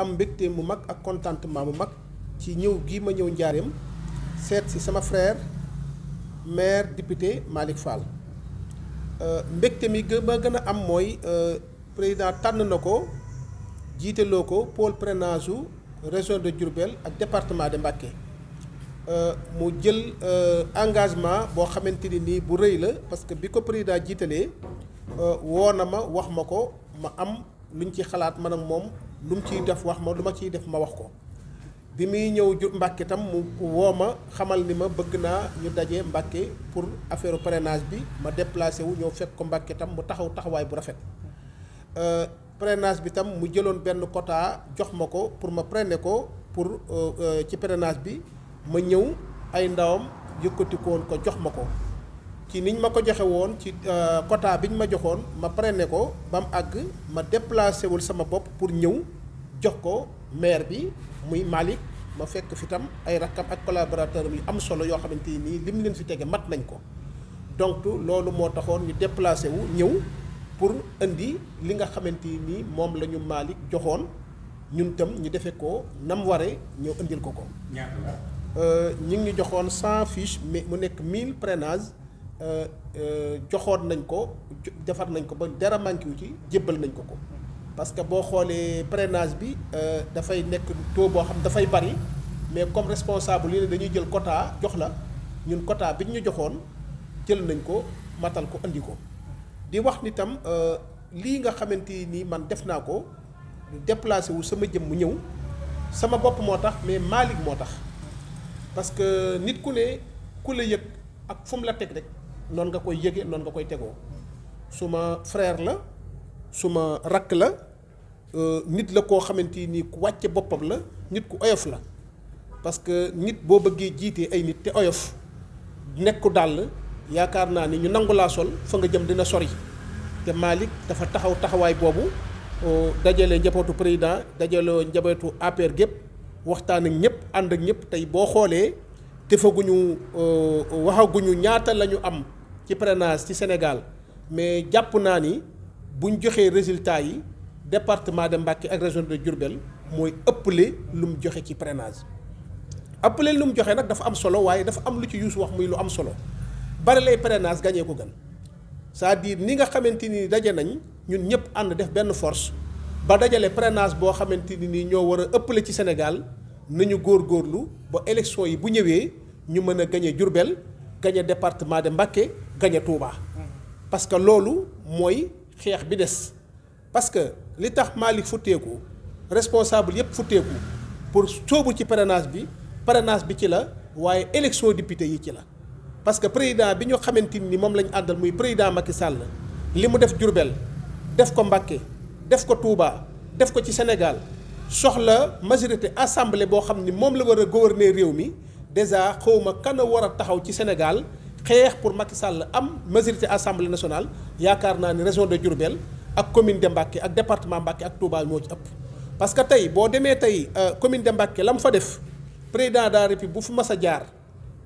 am mbégte mu mag ak contentement mu mag ci ñëw gi ma ñëw njaareem seet si sama frère maire député Malick Fall euh, mbégte mi gë ma gën a am mooy euh, président tànn na ko jiiteloo ko pôle parrainage u région de Diourbel ak département de Mbacké euh, mu jël engagement boo xamante ni nii bu rëy la parce que bi ko président jiitalee woo na ma wax ma ko ma am luñ ci xalaat man ak moom lu mu ciy def wax ma lu ma ciy def ma wax ko bi muy ñëw ju Mbàkke tam mu woo ma xamal ni ma bëgg naa ñu daje Mbàkke pour affaire parrainage bi ma déplacé wu ñëw fekk ko Mbàkke tam mu taxaw taxawaay bu rafet euh, parrainage bi tam mu jëloon benn quota jox ma ko pour ma prene ko pour euh, euh, ci parrainage bi ma ñëw ay ndawam yëkkati woon ko jox ma ko ci niñ ma ko joxe woon ci euh, quota biñ ma joxoon ma prene ko ba mu àgg ma déplacé wul sama bopp pour ñëw jox ko maire bi muy Malick ma fekk fi tam ay rakkam ak collaborateur yu am solo yoo xamante nii lim leen fi tege mat nañ ko donc loolu moo taxoon ñu déplacé wu ñëw pour indi li nga xamante nii moom la ñu Malick joxoon ñun tam ñu defee ko nam ware ñëw indil ko ko. ñi euh, ngi ñu joxoon cent fiches mais mu nekk mille parrainages. Euh, euh, joxoon nañ ko defar nañ ko ba dara manqué wu ci jébbal nañ ko ko parce que boo xoolee parrainage bi euh, dafay nekk taux boo xam ne dafay bari mais comme responsable yi ne dañuy jël quota jox la ñun quota bi ñu joxoon jël nañ ko matal ko indi ko di wax ni tam lii nga xamante ni man def naa ko déplacé wu sama jëm mu ñëw sama bopp moo tax mais Malick moo tax parce que nit ku ne ku la yëg ak fu la teg rek. noonu nga koy yëge noonu nga koy tegoo suma frère la suma rakk la euh, nit la koo xamante ni ku wàcce boppam la nit ku oyof la parce que nit boo bëggee jiitee ay nit te oyof nekku dàll yaakaar naa ni ñu nangu laa sol fa nga jëm dina sori te Malick dafa taxaw taxawaay boobu dajalee njabootu président dajale njabootu APR gépp waxtaan ak ñëpp ànd ak ñëpp tey boo xoolee defaguñu waxaguñu ñaata lañu am ci parrainage ci Sénégal mais jàpp naa ni buñ joxee résultat yi département de Mbacké ak région de Diourbel mooy ëppale lu mu joxe ci parrainage ëppale lu mu joxe nag dafa am solo waaye dafa am lu ci Youssou wax muy lu am solo bari lay parrainage gañee ko gën cest à ni nga xamante ni daje nañ ñun ñëpp ànd def benn force ba dajale parrainage boo xamante ni nii ñoo war a ëppale ci Sénégal nañu góorgóorlu ba élection yi bu ñëwee ñu mën a gañe Diourbel gañe département de Mbacké gañe Touba. parce que loolu mooy xeex bi des parce que li tax maali futteeku responsable yëpp futteeku pour sóobu ci parrainage bi parrainage bi ci la waaye élection député yi ci la parce que président bi ñu xamante ni moom lañ àndal muy président Macky Sall li mu def Diourbel def ko Mbacké def ko Touba def ko ci Sénégal soxla majorité assemblée boo xam ni moom la war a gouverner réew mi déjà xawma kan a war a taxaw ci Sénégal xeex pour Macky sàll am majorité assemblée national yaakaar naa ni région de Diourbel ak commune de Mbacké ak département Mbacké ak Touba moo ci ëpp. parce que tey boo demee tey euh, commune de Mbacké la mu fa def président de la République bu fu mas a jaar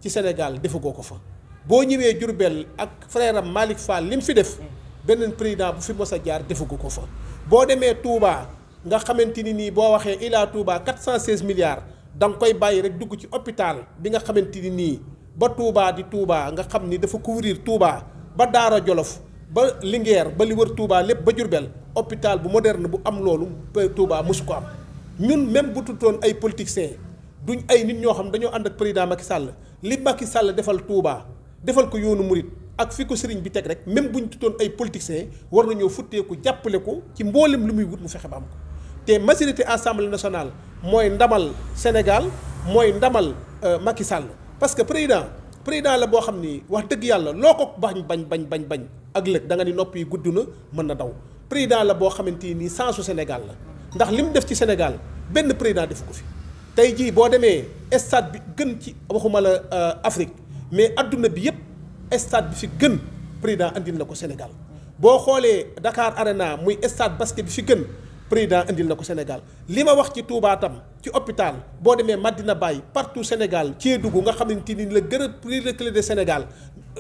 ci Sénégal defagoo ko fa boo ñëwee Diourbel ak frère am Malick Fall li mu fi def beneen président bu fi mas a jaar defu ko fa. boo demee Touba nga xamante ni nii boo waxee Ila Touba 416 milliards da nga koy bàyyi rek dugg ci hôpital bi nga xamante ni nii. ba Touba di Touba nga xam ni dafa couvrir Touba ba Daara Jolof ba Linguère ba li wër tuubaa lépp ba Jurbel hôpital bu moderne bu am loolu Touba mosu ko am ñun même bu tutoon ay politiciens duñ ay nit ñoo xam dañoo ànd ak président Macky Sall li Macky Sall defal Touba defal ko yoonu murit ak fi ko sëriñ bi teg rek même buñ tutoon ay politiciens war na nañoo futteeku jàppale ko ci mboolem lu muy wut mu fexe ba am ko te majorité assemblée nationale mooy ndamal Sénégal mooy ndamal euh, Macky Sall. parce que président président la boo xam ni wax dëgg yàlla loo ko bañ bañ bañ bañ bañ ak lëg da nga ni nopp yi na mën na daw président la boo xamante ni sensu Sénégal la ndax li mu def ci Sénégal benn président def ko fi tey jii boo demee stade bi gën ci waxuma la euh, Afrique mais adduna bi yëpp stade bi fi gën président andil na ko Sénégal boo xoolee dakaar Arena muy stade basket bi fi gën président indil na ko Sénégal li ma wax ci Touba tam ci hôpital boo demee Madina bàyyi partout Sénégal ci Kédougou nga xam ni la gën a reculé de Sénégal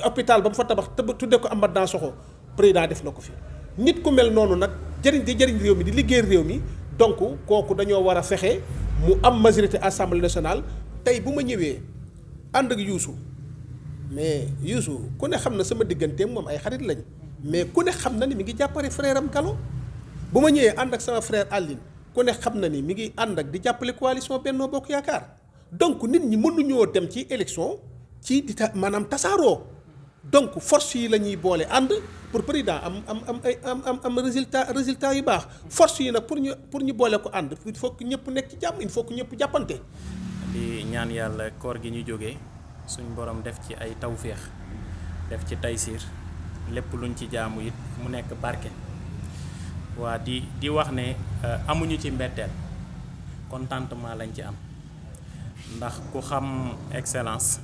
hôpital ba mu fa tabax tudde ko am Amath soxo président def na ko fi nit ku mel noonu nag jëriñ di jëriñ réew mi di liggéey réew mi donc kooku dañoo war a fexe mu am majorité assemblée nationale tey bu ma ñëwee ànd ak Youssou mais Youssou ku ne xam na sama digganteem moom ay xarit lañ mais ku ne xam na ni mi ngi jàppale frère am Gallo bu ma ñëwee ànd ak sama frère Aline ku ne xam na ni mi ngi ànd ak di jàppale coalition Benno Bokk Yaakaar donc nit ñi mënuñoo dem ci élection ci di ta maanaam tasaaroo donc force yi la ñuy boole ànd pour président am am am ay am am am résultat yu baax force yi nag pour ñu pour ñu boole ko ànd il faut que ñëpp nekk ci jàmm il faut que ñëpp jàppante. di ñaan yàlla koor gi ñu jógee suñ borom def ci ay tawféex def ci taysiir lépp luñ ci jaamu it mu nekk barke. waa di di wax ne euh, amuñu ci mbetteel contentement lañ ci am ndax ku xam excellence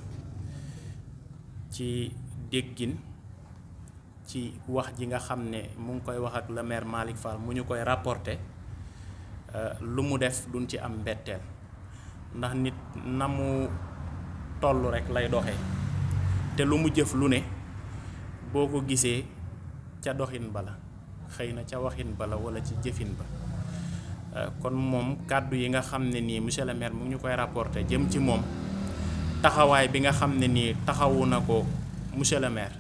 ci déggin ci wax ji nga xam ne mu ngi koy wax ak le maire Malick mu ñu koy rapporté euh, lu mu def duñ ci am mbetteel ndax nit na mu toll rek lay doxe te lu mu jëf lu ne boo ko gisee ca doxin bala xëy na ca waxin ba la wala ci jëfin ba euh, kon moom kàddu yi nga xam ne nii monsieur le maire mu ngi ñu koy rapporté jëm ci moom taxawaay bi nga xam ne nii taxawu na ko monsieur le maire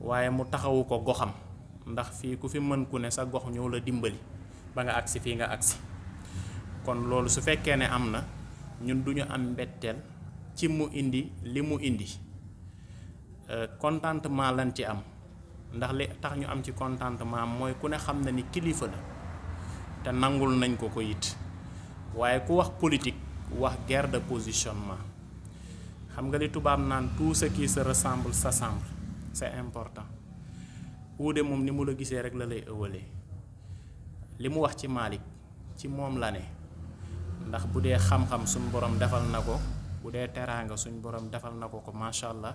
waaye mu taxawu ko goxam ndax fii ku fi mën ku ne sa gox ñëw la dimbali ba nga agsi fii nga agsi kon loolu su fekkee ne am na ñun duñu am mbetteel ci mu indi li mu indi kontantement euh, lañ ci am ndax li tax ñu am ci contentement mooy ku ne xam na ni kilifa la te nangul nañ ko ko it waaye ku wax politique wax guerre de positionnement xam nga li tubaab naan tout ce qui se sa s'assemble c'est important uude moom ni mu la gisee rek la lay ëwale li mu wax ci Malick ci moom la ne ndax bu dee xam-xam suñ borom defal na ko bu dee teraanga suñ borom defal na ko ko macha allah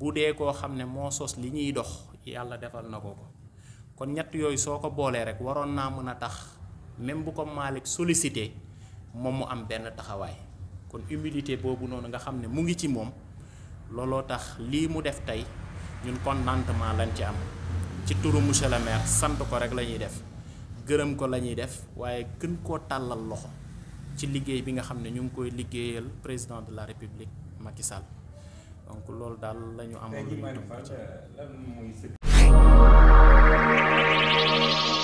bu dee koo xam ne moo sos li ñuy dox yàlla defal na ko ko kon ñett yooyu soo ko boolee rek waroon naa mën a tax même bu ko Malick sollicité moom mu am benn taxawaay kon humilité boobu noonu nga xam ne mu ngi ci moom looloo tax lii mu def tey ñun contentement lañ ci am ci turu monsieur le maire sant ko rek la ñuy def gërëm ko lañuy def waaye gën koo tàllal loxo ci liggéey bi nga xam ne ñu ngi koy liggéeyal président de la république Macky donc loolu daal la ñu amoon.